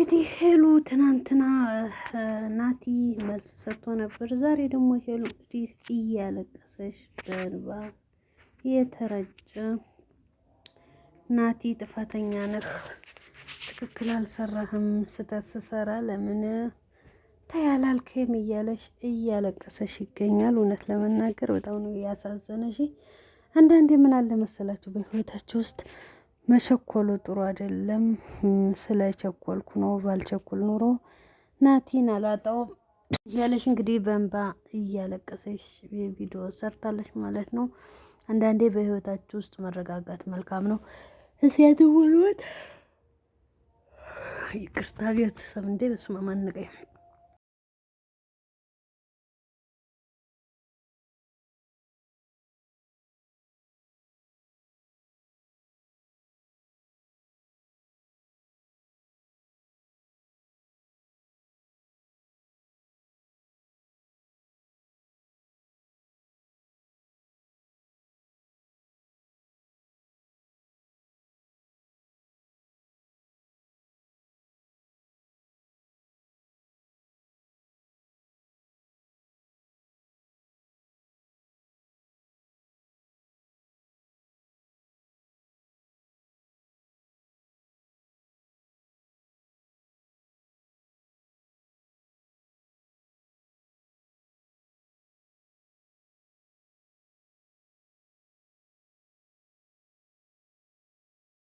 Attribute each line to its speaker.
Speaker 1: እንግዲህ ሄሉ ትናንትና ናቲ መልስ ሰጥቶ ነበር። ዛሬ ደግሞ ሄሉ እንግዲህ እያለቀሰች በእንባ የተረጨ ናቲ ጥፋተኛ ነህ፣ ትክክል አልሰራህም፣ ስህተት ስሰራ ለምን ተያላልከም እያለሽ እያለቀሰሽ ይገኛል። እውነት ለመናገር በጣም ነው ያሳዘነሽ። አንዳንዴ ምን አለ መሰላችሁ በህይወታችሁ ውስጥ መሸኮሉ ጥሩ አይደለም። ስለ ቸኮልኩ ነው ባልቸኮል ኑሮ ናቲን አላጣውም እያለች እንግዲህ በእንባ እያለቀሰሽ ቪዲዮ ሰርታለች ማለት ነው። አንዳንዴ በህይወታችሁ ውስጥ መረጋጋት መልካም ነው። እስያት ይቅርታ ቤተሰብ እንዴ በሱ ማማንቀኝ